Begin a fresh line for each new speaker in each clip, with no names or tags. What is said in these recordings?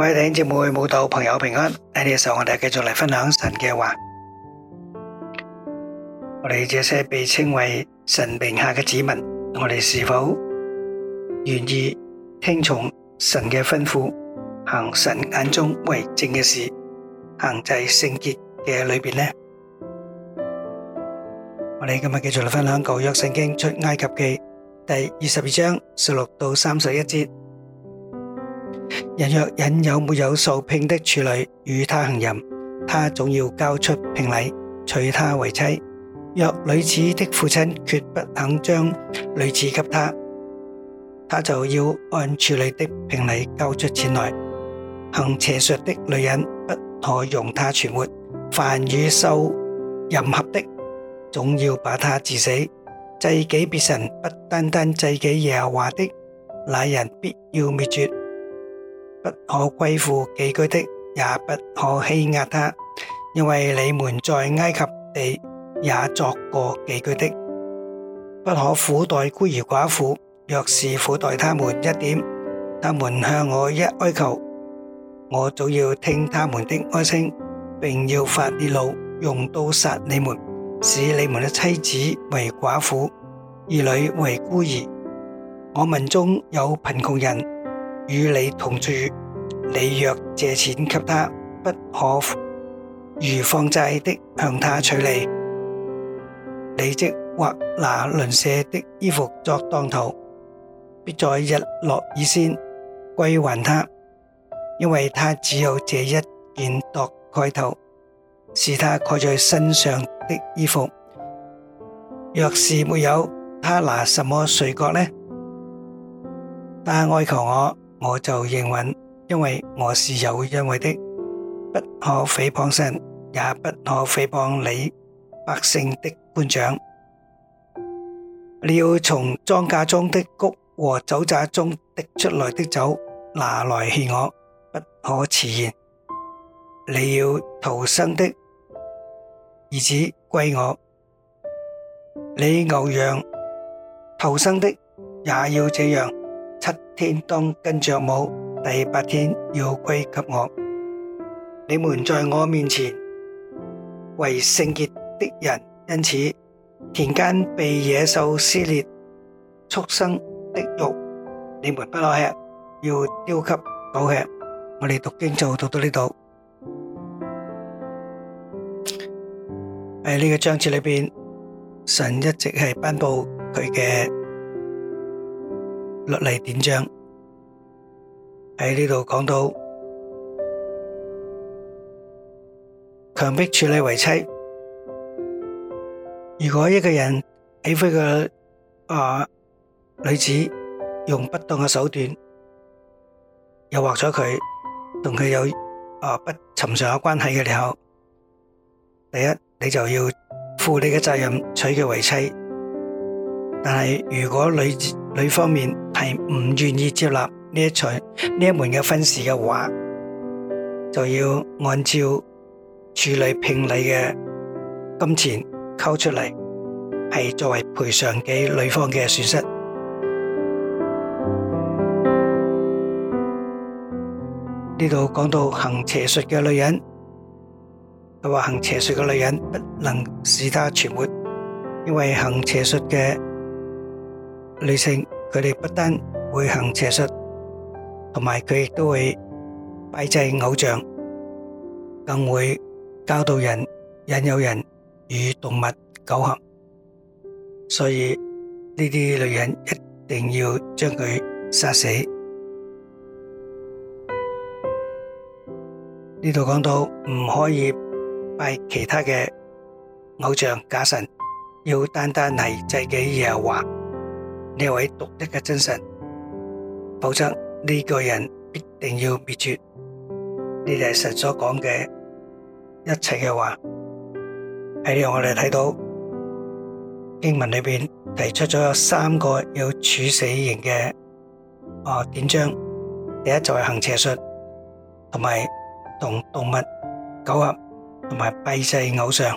各位弟兄姊妹、慕道朋友平安，喺呢個時候我哋繼續嚟分享神嘅話。我哋這些被稱為神名下嘅子民，我哋是否願意聽從神嘅吩咐，行神眼中為正嘅事，行在聖潔嘅裏邊呢？我哋今日繼續嚟分享舊約聖經出埃及記第二十二章十六到三十一節。人若引有沒有受聘的處女與他行淫，他總要交出聘禮，娶他為妻。若女子的父親決不肯將女子給他，他就要按處女的聘禮交出錢來。行邪術的女人不可容他存活。凡與獸淫合的，總要把他治死。祭祀別神不單單，祭祀耶和華不可虧負寄居的，也不可欺壓他，因為你們在埃及地也作過寄居的。不可苦待孤兒寡婦，若是苦待他們一點，他們向我一哀求，我總要聽他們的哀聲，並要發烈怒，用刀殺你們，使你們的妻子為寡婦，兒女為孤兒。我民中有貧窮人。與你同住，你若借錢給他，不可如放債的向他取利；你即或拿鄰舍的衣服作當頭，必在日落以先歸還他，因為他只有這一件度蓋頭，是他蓋在身上的衣服。若是沒有，他拿什麼睡覺呢？他哀求我。我就應允，因為我是有恩惠的，不可誹謗神，也不可誹謗你百姓的官長。你要從莊稼中的穀和酒渣中滴出來的酒拿來獻我，不可遲延。你要逃生的兒子歸我，你牛羊逃生的也要這樣。天當跟着母，第八天要歸給我。你們在我面前為聖潔的人，因此田間被野獸撕裂畜生的肉，你們不攞吃，要丟給狗吃。我哋讀經就讀到呢度。喺呢個章節裏邊，神一直係頒布佢嘅。落嚟，點將喺呢度講到強迫，處理為妻。如果一個人喜歡個啊女子，用不當嘅手段誘惑咗佢，同佢有啊不尋常嘅關係嘅時候，第一你就要負你嘅責任，娶佢為妻。但係如果女子，女方面係唔願意接納呢一出呢一門嘅婚事嘅話，就要按照處理聘禮嘅金錢扣出嚟，係作為賠償俾女方嘅損失。呢度講到行邪術嘅女人，佢話行邪術嘅女人不能使她存活，因為行邪術嘅。女性佢哋不單會行邪術，同埋佢亦都會拜祭偶像，更會教導人、引誘人與動物苟合。所以呢啲女人一定要將佢殺死。呢度講到唔可以拜其他嘅偶像假神，要單單係祭祀耶和華。呢一位獨特嘅精神，否則呢個人必定要滅絕。呢啲係神所講嘅一切嘅話，喺呢度我哋睇到經文裏邊提出咗有三個要處死刑嘅啊典章，第一就係行邪術，同埋同動物苟合，同埋拜祭偶像。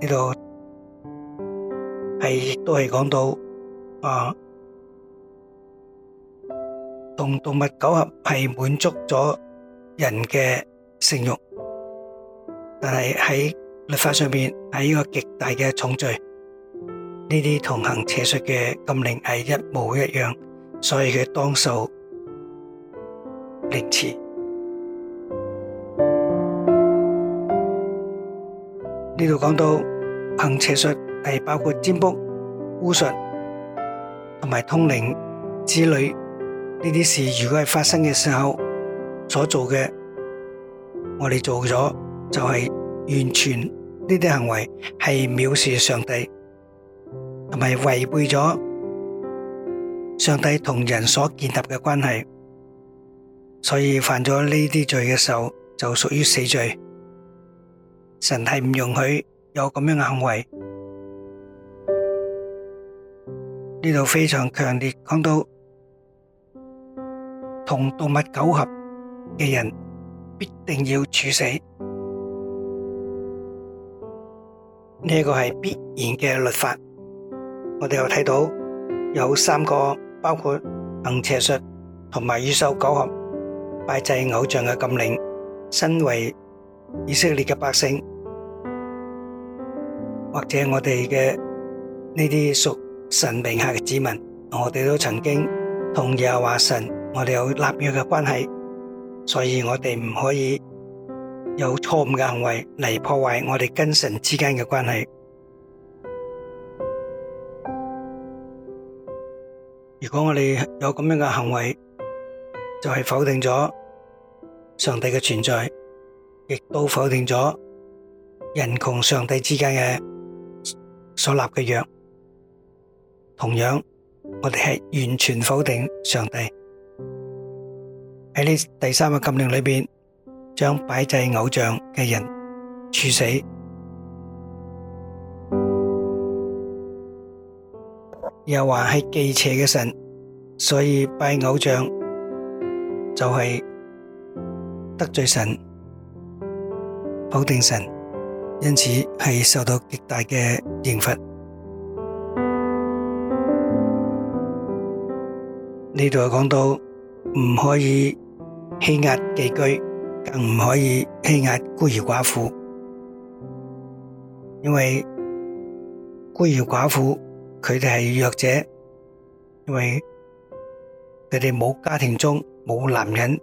呢度。係亦都係講到，啊，同動物苟合係滿足咗人嘅性慾，但係喺律法上面係一個極大嘅重罪，呢啲同行邪術嘅禁令係一模一樣，所以佢當受凌遲。呢度講到行邪術。係包括占卜、巫術同埋通靈之類呢啲事，如果係發生嘅時候所做嘅，我哋做咗就係完全呢啲行為係藐視上帝，同埋違背咗上帝同人所建立嘅關係，所以犯咗呢啲罪嘅時候，就屬於死罪，神係唔容許有咁樣嘅行為。呢度非常強烈講到同動物苟合嘅人必定要處死，呢個係必然嘅律法。我哋又睇到有三個，包括行邪術同埋與獸苟合、拜祭偶像嘅禁令。身為以色列嘅百姓，或者我哋嘅呢啲屬。神名下嘅子民，我哋都曾經同耶和華神，我哋有立約嘅關係，所以我哋唔可以有錯誤嘅行為嚟破壞我哋跟神之間嘅關係。如果我哋有咁樣嘅行為，就係否定咗上帝嘅存在，亦都否定咗人同上帝之間嘅所立嘅約。同樣，我哋係完全否定上帝喺呢第三個禁令裏邊，將擺製偶像嘅人處死，又話係忌邪嘅神，所以拜偶像就係得罪神、否定神，因此係受到極大嘅刑罰。呢度講到唔可以欺壓寄居，更唔可以欺壓孤兒寡婦，因為孤兒寡婦佢哋係弱者，因為佢哋冇家庭中冇男人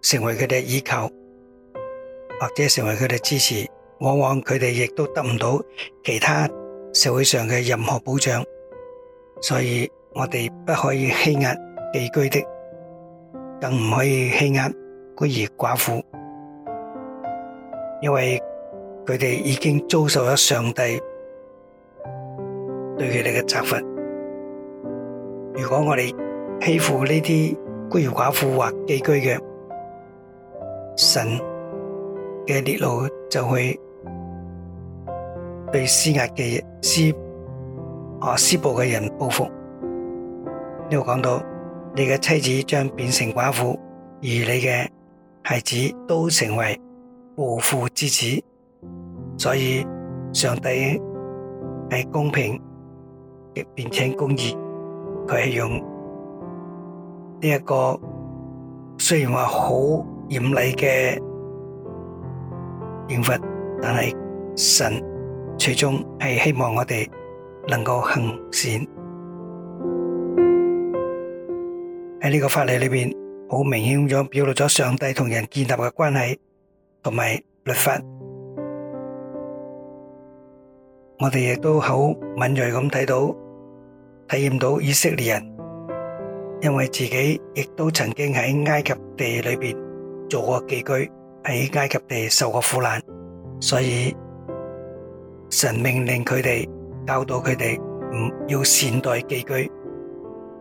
成為佢哋依靠，或者成為佢哋支持，往往佢哋亦都得唔到其他社會上嘅任何保障，所以我哋不可以欺壓。寄居的，更唔可以欺壓孤兒寡婦，因為佢哋已經遭受咗上帝對佢哋嘅責罰。如果我哋欺負呢啲孤兒寡婦或寄居嘅神嘅列路，就會被施壓嘅施啊施暴嘅人報復。呢度講到。你嘅妻子將變成寡婦，而你嘅孩子，都成為無父之子。所以上帝係公平，亦變成公義。佢係用呢一個雖然話好嚴厲嘅刑罰，但係神始終係希望我哋能夠行善。呢個法理裏邊好明顯咁樣表露咗上帝同人建立嘅關係同埋律法，我哋亦都好敏銳咁睇到、體驗到以色列人，因為自己亦都曾經喺埃及地裏邊做過寄居，喺埃及地受過苦難，所以神命令佢哋教導佢哋唔要善待寄居，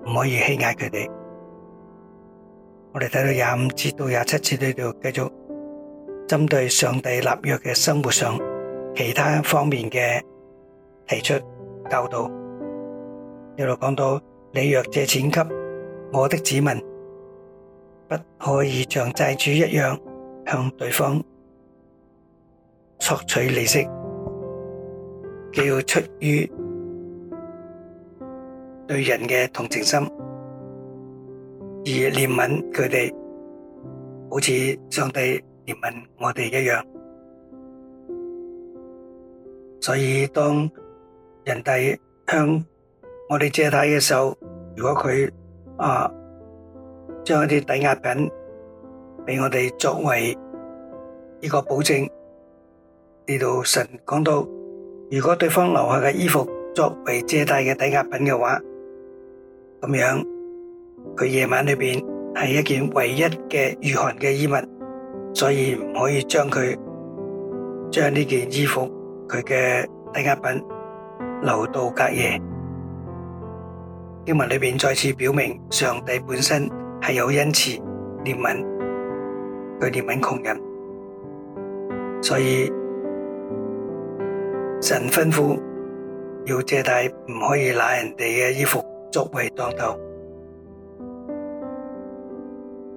唔可以欺壓佢哋。我哋睇到廿五至到廿七節，呢度繼續針對上帝立約嘅生活上其他方面嘅提出教導。一路講到你若借錢給我的子民，不可以像債主一樣向對方索取利息，要出於對人嘅同情心。而憐憫佢哋，好似上帝憐憫我哋一樣。所以當人哋向我哋借貸嘅時候，如果佢啊將一啲抵押品俾我哋作為呢個保證，呢度神講到，如果對方留下嘅衣服作為借貸嘅抵押品嘅話，咁樣。佢夜晚裏面係一件唯一的御寒嘅衣物，所以唔可以將佢將呢件衣服佢嘅抵押品留到隔夜。經文裏面再次表明上帝本身係有恩慈憐憫，佢憐憫窮人。所以，神吩咐要借貸唔可以拿人哋嘅衣服作為當頭。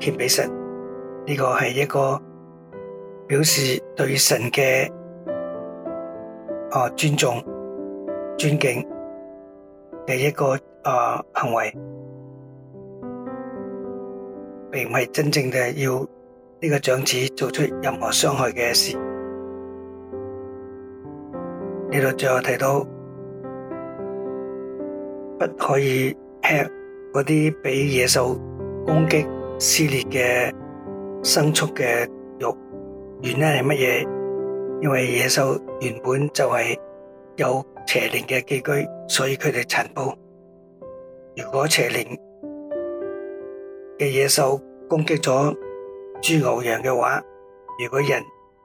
獻俾神，呢個係一個表示對神嘅啊尊重、尊敬嘅一個啊行為，並唔係真正嘅要呢個長子做出任何傷害嘅事。呢度最後提到，不可以吃嗰啲俾野獸攻擊。撕裂嘅牲畜嘅肉，原因係乜嘢？因為野獸原本就係有邪靈嘅寄居，所以佢哋殘暴。如果邪靈嘅野獸攻擊咗豬牛羊嘅話，如果人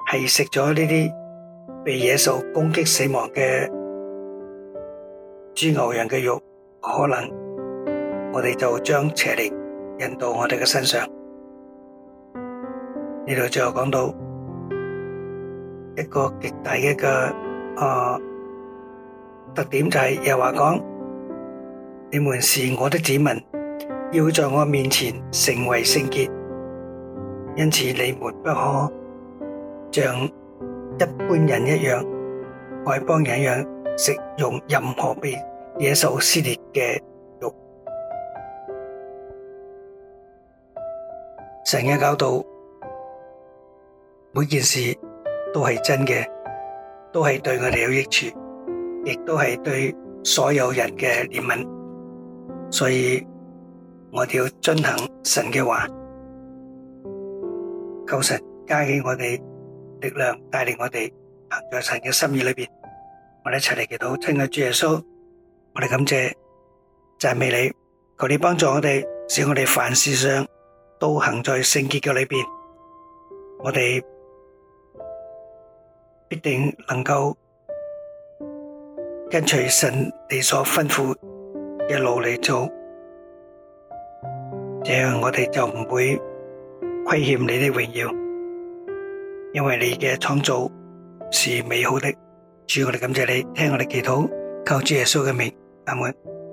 係食咗呢啲被野獸攻擊死亡嘅豬牛羊嘅肉，可能我哋就將邪靈引到我哋嘅身上。神嘅教導，每件事都係真嘅，都係對我哋有益處，亦都係對所有人嘅憐憫。所以我哋要遵行神嘅話，求神加起我哋力量，帶領我哋行在神嘅心意裏邊。我哋一齊嚟祈禱，親愛主耶穌，我哋感謝讚美你，求你幫助我哋，使我哋凡事上。都行在聖潔嘅裏邊，我哋必定能夠跟隨神你所吩咐嘅路嚟做，這樣我哋就唔會虧欠你的榮耀，因為你嘅創造是美好的。主，我哋感謝你，聽我哋祈禱，靠主耶穌嘅名。阿門。